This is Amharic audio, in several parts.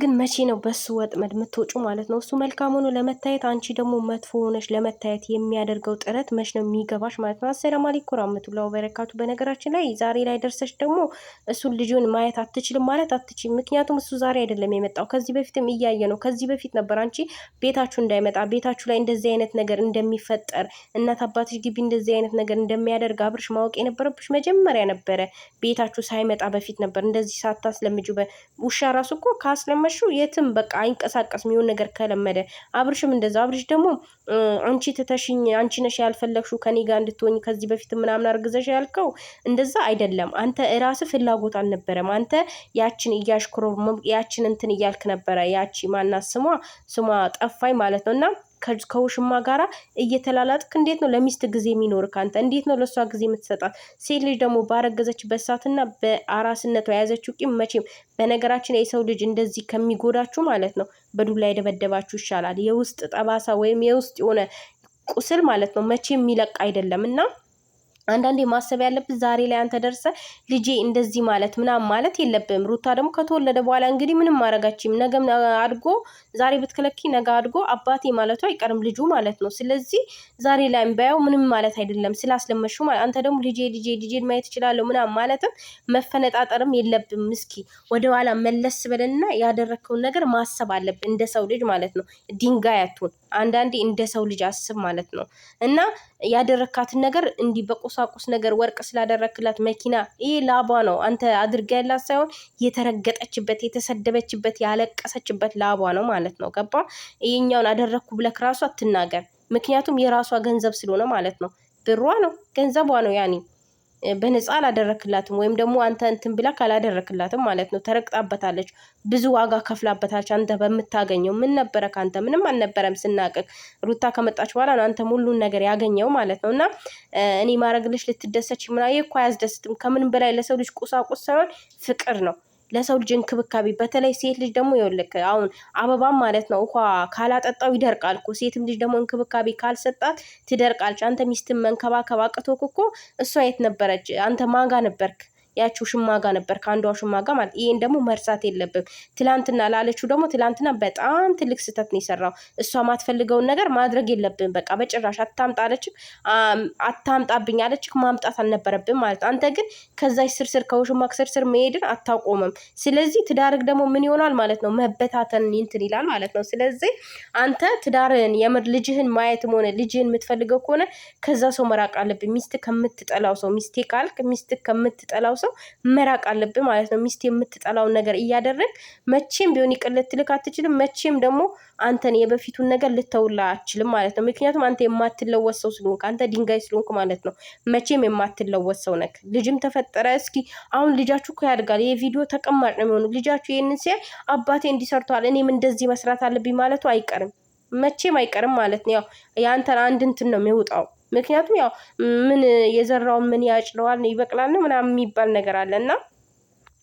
ግን መቼ ነው በሱ ወጥመድ የምትወጩ ማለት ነው? እሱ መልካም ሆኖ ለመታየት፣ አንቺ ደግሞ መጥፎ ሆነች ለመታየት የሚያደርገው ጥረት መች ነው የሚገባሽ ማለት ነው? አሰላም አለይኩም ወራህመቱላሂ ወበረካቱ። በነገራችን ላይ ዛሬ ላይ ደርሰሽ ደግሞ እሱን ልጁን ማየት አትችልም ማለት አትችልም። ምክንያቱም እሱ ዛሬ አይደለም የመጣው ከዚህ በፊትም እያየ ነው። ከዚህ በፊት ነበር አንቺ ቤታችሁ እንዳይመጣ ቤታችሁ ላይ እንደዚህ አይነት ነገር እንደሚፈጠር እናት አባትሽ ግቢ እንደዚህ አይነት ነገር እንደሚያደርግ አብርሽ ማወቅ የነበረብሽ መጀመሪያ ነበረ። ቤታችሁ ሳይመጣ በፊት ነበር እንደዚህ ሳታስለምጁ ውሻ ራሱ እኮ ካስለም ካላመሹ የትም በቃ አይንቀሳቀስም። የሆነ ነገር ከለመደ አብርሽም እንደዛ። አብርሽ ደግሞ አንቺ ትተሽኝ፣ አንቺ ነሽ ያልፈለግሹ ከኔ ጋር እንድትሆኝ ከዚህ በፊት ምናምን አርግዘሽ ያልከው እንደዛ አይደለም። አንተ እራስ ፍላጎት አልነበረም። አንተ ያችን እያሽኮረም ያችን እንትን እያልክ ነበረ። ያቺ ማናት ስሟ ስሟ ጠፋኝ ማለት ነው እና ከውሽማ ጋራ እየተላላጥክ እንዴት ነው ለሚስት ጊዜ የሚኖር ካንተ? እንዴት ነው ለእሷ ጊዜ የምትሰጣት? ሴት ልጅ ደግሞ ባረገዘችበት ሰዓትና በአራስነቷ የያዘችው ቂም መቼም በነገራችን የሰው ልጅ እንደዚህ ከሚጎዳችሁ ማለት ነው በዱላ የደበደባችሁ ይሻላል። የውስጥ ጠባሳ ወይም የውስጥ የሆነ ቁስል ማለት ነው መቼም የሚለቅ አይደለም እና አንዳንዴ ማሰብ ያለብህ ዛሬ ላይ አንተ ደርሰ ልጄ እንደዚህ ማለት ምናምን ማለት የለብህም። ሩታ ደግሞ ከተወለደ በኋላ እንግዲህ ምንም ማድረጋችም፣ ነገም አድጎ ዛሬ ብትከለኪ ነገ አድጎ አባቴ ማለቱ አይቀርም ልጁ ማለት ነው። ስለዚህ ዛሬ ላይ ባየው ምንም ማለት አይደለም ስላስለመሹ ማለት አንተ ደግሞ ልጄ ልጄ ልጄን ማየት እችላለሁ ምናምን ማለትም መፈነጣጠርም የለብም። እስኪ ወደኋላ መለስ ብለንና ያደረግከውን ነገር ማሰብ አለብ እንደ ሰው ልጅ ማለት ነው። ድንጋይ አንዳንዴ እንደ ሰው ልጅ አስብ ማለት ነው እና ያደረካትን ነገር እንዲህ በቁሳ ቁሳቁስ ነገር ወርቅ ስላደረክላት መኪና ይ ላቧ ነው። አንተ አድርጋ ያላት ሳይሆን የተረገጠችበት፣ የተሰደበችበት፣ ያለቀሰችበት ላቧ ነው ማለት ነው። ገባ? ይህኛውን አደረግኩ ብለክ ራሱ አትናገር። ምክንያቱም የራሷ ገንዘብ ስለሆነ ማለት ነው። ብሯ ነው፣ ገንዘቧ ነው ያኔ በነፃ አላደረክላትም ወይም ደግሞ አንተ እንትን ብላ ካላደረክላትም ማለት ነው። ተረግጣበታለች፣ ብዙ ዋጋ ከፍላበታች። አንተ በምታገኘው ምን ነበረ? ከአንተ ምንም አልነበረም። ስናቅቅ ሩታ ከመጣች በኋላ ነው አንተም ሁሉን ነገር ያገኘው ማለት ነው። እና እኔ ማረግልሽ ልትደሰች ምና ይህ እኮ አያስደስትም። ከምንም በላይ ለሰው ልጅ ቁሳቁስ ሳይሆን ፍቅር ነው። ለሰው ልጅ እንክብካቤ በተለይ ሴት ልጅ ደግሞ ይኸውልህ አሁን አበባም ማለት ነው ውሃ ካላጠጣው ይደርቃል እኮ። ሴትም ልጅ ደግሞ እንክብካቤ ካልሰጣት ትደርቃለች። አንተ ሚስትን መንከባከብ አቅቶክ እኮ እሷ የት ነበረች? አንተ ማጋ ነበርክ? ያችው ሽማጋ ነበር ከአንዷ ሽማጋ ማለት። ይሄን ደግሞ መርሳት የለብም። ትላንትና ላለችው ደግሞ ትላንትና በጣም ትልቅ ስህተት ነው የሰራው። እሷ ማትፈልገውን ነገር ማድረግ የለብም በቃ በጭራሽ አታምጣ አለችህ፣ አታምጣብኝ አለችክ ማምጣት አልነበረብም ማለት። አንተ ግን ከዛች ስርስር ከውሽማክ ስርስር መሄድን አታቆምም። ስለዚህ ትዳርግ ደግሞ ምን ይሆናል ማለት ነው መበታተን እንትን ይላል ማለት ነው። ስለዚህ አንተ ትዳርህን የምር ልጅህን ማየትም ሆነ ልጅህን የምትፈልገው ከሆነ ከዛ ሰው መራቅ አለብን። ሚስት ከምትጠላው ሰው ሚስቴ ካልክ ሚስት ከምትጠላው ሰው ሰው መራቅ አለብህ ማለት ነው። ሚስት የምትጠላውን ነገር እያደረግ መቼም ቢሆን ይቅር ልትልክ አትችልም። መቼም ደግሞ አንተን የበፊቱን ነገር ልተውላ አችልም ማለት ነው። ምክንያቱም አንተ የማትለወጥ ሰው ስለሆንክ፣ አንተ ድንጋይ ስለሆንክ ማለት ነው። መቼም የማትለወጥ ሰው ነክ። ልጅም ተፈጠረ እስኪ አሁን ልጃችሁ እኮ ያድጋል። ይህ ቪዲዮ ተቀማጭ ነው የሚሆኑ ልጃችሁ ይህንን ሲያይ አባቴ እንዲሰርተዋል እኔም እንደዚህ መስራት አለብኝ ማለቱ አይቀርም መቼም አይቀርም ማለት ነው። ያው የአንተን አንድ እንትን ነው የሚውጣው። ምክንያቱም ያው ምን የዘራውን ምን ያጭለዋል ይበቅላል ምናምን የሚባል ነገር አለ እና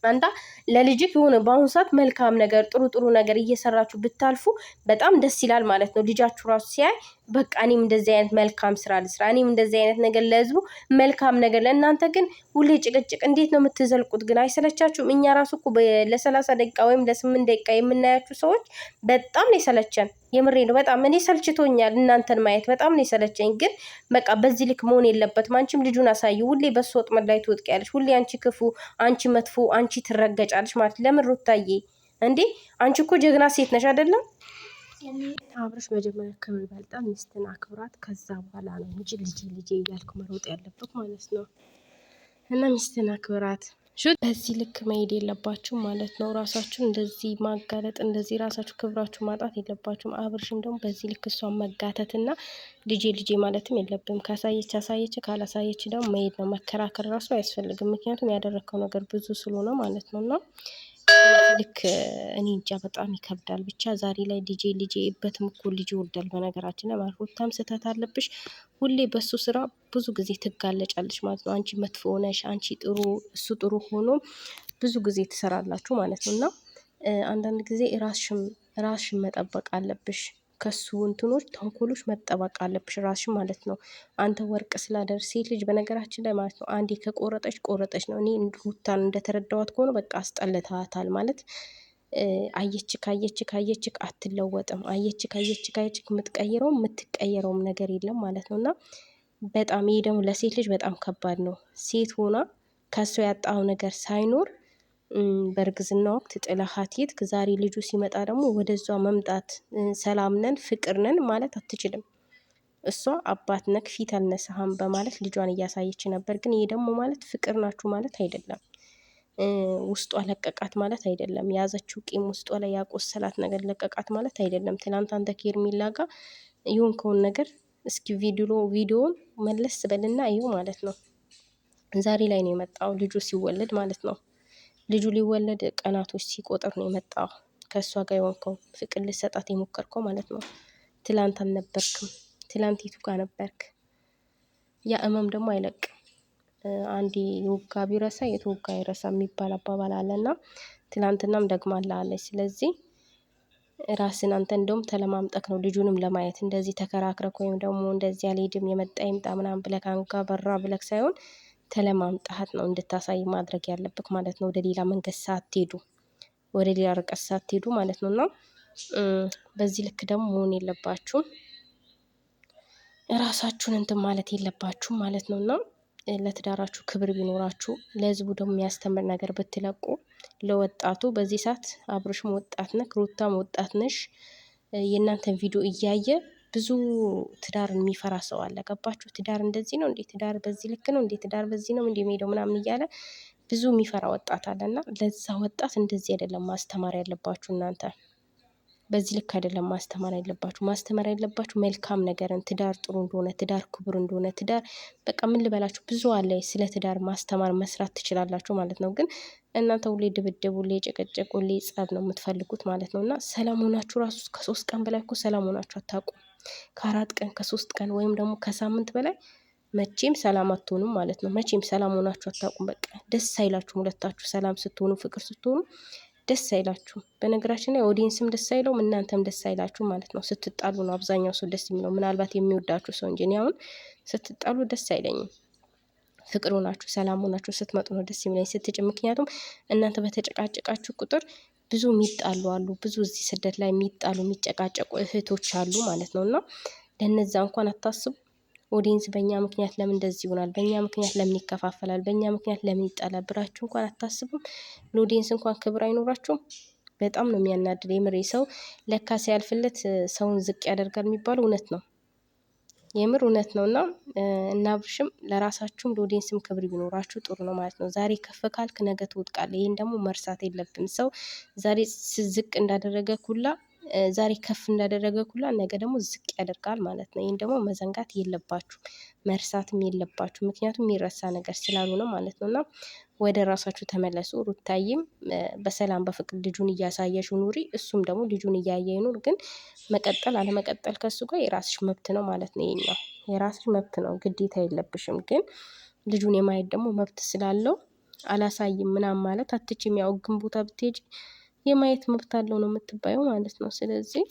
አንዳ ለልጅክ የሆነ በአሁኑ ሰዓት መልካም ነገር ጥሩ ጥሩ ነገር እየሰራችሁ ብታልፉ በጣም ደስ ይላል ማለት ነው። ልጃችሁ ራሱ ሲያይ በቃ እኔም እንደዚህ አይነት መልካም ስራ ልስራ፣ እኔም እንደዚህ አይነት ነገር ለህዝቡ መልካም ነገር፣ ለእናንተ ግን ሁሌ ጭቅጭቅ። እንዴት ነው የምትዘልቁት ግን አይሰለቻችሁም? እኛ ራሱ እኮ ለሰላሳ ደቂቃ ወይም ለስምንት ደቂቃ የምናያችሁ ሰዎች በጣም ነው የሰለቸን። የምሬ ነው። በጣም እኔ ሰልችቶኛል እናንተን ማየት በጣም ነው የሰለቸኝ። ግን በቃ በዚህ ልክ መሆን የለበትም። አንቺም ልጁን አሳዩ። ሁሌ በሱ ወጥመድ ላይ ትወጥቂያለሽ። ሁሌ አንቺ ክፉ፣ አንቺ መጥፎ፣ አንቺ ትረገጫለሽ ማለት ለምን ሩታዬ? እንዴ አንቺ እኮ ጀግና ሴት ነሽ አይደለም አብረሽ መጀመሪያ ክብር ይበልጣል። ሚስትን አክብራት። ከዛ በኋላ ነው እንጂ ልጄ ልጄ እያልኩ መሮጥ ያለበት ማለት ነው። እና ሚስትን አክብራት። በዚህ ልክ መሄድ የለባችሁ ማለት ነው። ራሳችሁን እንደዚህ ማጋለጥ፣ እንደዚህ ራሳችሁ ክብራችሁ ማጣት የለባችሁም። አብርሽም ደግሞ በዚህ ልክ እሷን መጋተት እና ልጄ ልጄ ማለትም የለብም። ካሳየች አሳየች፣ ካላሳየች ደግሞ መሄድ ነው። መከራከር ራሱ አያስፈልግም። ምክንያቱም ያደረግከው ነገር ብዙ ስለሆነ ማለት ነው እና ልክ እኔ እንጃ በጣም ይከብዳል። ብቻ ዛሬ ላይ ልጄ ልጄ በትም እኮ ልጅ ይወልዳል። በነገራችን ላይ ሩታም ስህተት አለብሽ። ሁሌ በሱ ስራ ብዙ ጊዜ ትጋለጫለች ማለት ነው። አንቺ መጥፎ ሆነሽ፣ አንቺ ጥሩ፣ እሱ ጥሩ ሆኖ ብዙ ጊዜ ትሰራላችሁ ማለት ነው እና አንዳንድ ጊዜ ራስሽም ራስሽን መጠበቅ አለብሽ። ከሱ እንትኖች ተንኮሎች መጠበቅ አለብሽ ራስሽ ማለት ነው። አንተ ወርቅ ስላደር ሴት ልጅ በነገራችን ላይ ማለት ነው አንዴ ከቆረጠች ቆረጠች ነው። እኔ እንድሁታን እንደተረዳዋት ከሆነ በቃ አስጠልታታል ማለት አየች ካየች ካየች አትለወጥም። አየች ካየች ካየች የምትቀይረው የምትቀየረውም ነገር የለም ማለት ነው። እና በጣም ይሄ ደግሞ ለሴት ልጅ በጣም ከባድ ነው። ሴት ሆና ከሷ ያጣው ነገር ሳይኖር በእርግዝና ወቅት ጥለሃት ሄድክ፣ ዛሬ ልጁ ሲመጣ ደግሞ ወደዛ መምጣት ሰላም ነን ፍቅር ነን ማለት አትችልም። እሷ አባት ነክ ፊት አልነሳህም በማለት ልጇን እያሳየች ነበር። ግን ይሄ ደግሞ ማለት ፍቅር ናችሁ ማለት አይደለም። ውስጧ ለቀቃት ማለት አይደለም። የያዘችው ቂም ውስጧ ላይ ያቆሰላት ነገር ለቀቃት ማለት አይደለም። ትላንት አንተ ከሄርሜላ ጋር የሆንከውን ነገር እስኪ ቪዲዮ ቪዲዮውን መለስ በልና እዩ ማለት ነው። ዛሬ ላይ ነው የመጣው ልጁ ሲወለድ ማለት ነው። ልጁ ሊወለድ ቀናቶች ሲቆጥር ነው የመጣው። ከእሷ ጋር የሆንከው ፍቅር ልሰጣት የሞከርከው ማለት ነው። ትላንት አልነበርክም። ትላንት የቱ ጋር ነበርክ? ያ እመም ደግሞ አይለቅም። አንድ የወጋ ቢረሳ የተወጋ አይረሳ የሚባል አባባል አለና ትላንትናም ደግማላለች። ስለዚህ ራስን አንተ እንደውም ተለማምጠክ ነው ልጁንም ለማየት እንደዚህ ተከራክረክ ወይም ደግሞ እንደዚህ አልሄድም የመጣ ይምጣ ምናምን ብለክ አንጋ በራ ብለክ ሳይሆን ተለማምጣሃት ነው እንድታሳይ ማድረግ ያለብክ ማለት ነው። ወደ ሌላ መንገድ ሳትሄዱ ወደ ሌላ ርቀት ሳትሄዱ ማለት ነው። እና በዚህ ልክ ደግሞ መሆን የለባችሁም። ራሳችሁን እንትን ማለት የለባችሁም ማለት ነው። እና ለትዳራችሁ ክብር ቢኖራችሁ ለህዝቡ ደግሞ የሚያስተምር ነገር ብትለቁ ለወጣቱ በዚህ ሰዓት አብርሽም ወጣት ነክ ሩታም ወጣት ነሽ። የእናንተን ቪዲዮ እያየ ብዙ ትዳርን የሚፈራ ሰው አለ። ገባችሁ? ትዳር እንደዚህ ነው እንዴ? ትዳር በዚህ ልክ ነው እንዴ? ትዳር በዚህ ነው እንዴ የሚሄደው ምናምን እያለ ብዙ የሚፈራ ወጣት አለ። እና ለዛ ወጣት እንደዚህ አይደለም ማስተማር ያለባችሁ እናንተ በዚህ ልክ አይደለም ማስተማር ያለባችሁ። ማስተማር ያለባችሁ መልካም ነገርን፣ ትዳር ጥሩ እንደሆነ፣ ትዳር ክቡር እንደሆነ፣ ትዳር በቃ ምን ልበላችሁ ብዙ አለ። ስለ ትዳር ማስተማር መስራት ትችላላችሁ ማለት ነው። ግን እናንተ ሁሌ ድብድብ፣ ሁሌ ጭቅጭቅ፣ ሁሌ ጸብ ነው የምትፈልጉት ማለት ነው። እና ሰላም ሆናችሁ ራሱ ከሶስት ቀን በላይ እኮ ሰላም ሆናችሁ አታውቁም። ከአራት ቀን ከሶስት ቀን ወይም ደግሞ ከሳምንት በላይ መቼም ሰላም አትሆኑም ማለት ነው። መቼም ሰላም ሆናችሁ አታውቁም። በቃ ደስ አይላችሁም። ሁለታችሁ ሰላም ስትሆኑ፣ ፍቅር ስትሆኑ ደስ አይላችሁም። በነገራችን ላይ ኦዲየንስም ደስ አይለውም፣ እናንተም ደስ አይላችሁ ማለት ነው። ስትጣሉ ነው አብዛኛው ሰው ደስ የሚለው፣ ምናልባት የሚወዳችሁ ሰው እንጂ። እኔ አሁን ስትጣሉ ደስ አይለኝም። ፍቅር ሆናችሁ ሰላም ሆናችሁ ስትመጡ ነው ደስ የሚለኝ ስትጭ። ምክንያቱም እናንተ በተጨቃጨቃችሁ ቁጥር ብዙ የሚጣሉ አሉ። ብዙ እዚህ ስደት ላይ የሚጣሉ የሚጨቃጨቁ እህቶች አሉ ማለት ነው። እና ለነዛ እንኳን አታስቡ። ኦዲንስ በእኛ ምክንያት ለምን እንደዚህ ይሆናል፣ በእኛ ምክንያት ለምን ይከፋፈላል፣ በእኛ ምክንያት ለምን ይጣላል ብላችሁ እንኳን አታስቡም። ለኦዲንስ እንኳን ክብር አይኖራችሁም። በጣም ነው የሚያናድድ። የምሬ ሰው ለካ ሲያልፍለት ሰውን ዝቅ ያደርጋል የሚባለው እውነት ነው። የምር እውነት ነው እና እና ለራሳችሁም ለኦዲየንስም ክብር ቢኖራችሁ ጥሩ ነው ማለት ነው። ዛሬ ከፍ ካልክ ነገ ትወድቃለህ። ይህን ደግሞ መርሳት የለብን። ሰው ዛሬ ስዝቅ እንዳደረገ ኩላ ዛሬ ከፍ እንዳደረገ ኩላ ነገ ደግሞ ዝቅ ያደርጋል ማለት ነው። ይህን ደግሞ መዘንጋት የለባችሁ መርሳትም የለባችሁ ምክንያቱም የሚረሳ ነገር ስላልሆነ ማለት ነው። እና ወደ ራሳችሁ ተመለሱ። ሩታይም በሰላም በፍቅር ልጁን እያሳየሽ ኑሪ፣ እሱም ደግሞ ልጁን እያየ ይኑር። ግን መቀጠል አለመቀጠል ከሱ ጋር የራስሽ መብት ነው ማለት ነው። ይኛው የራስሽ መብት ነው፣ ግዴታ የለብሽም። ግን ልጁን የማየት ደግሞ መብት ስላለው አላሳይም ምናምን ማለት አትችም። ያው ቦታ ብትሄጂ የማየት መብት አለው ነው የምትባየው ማለት ነው። ስለዚህ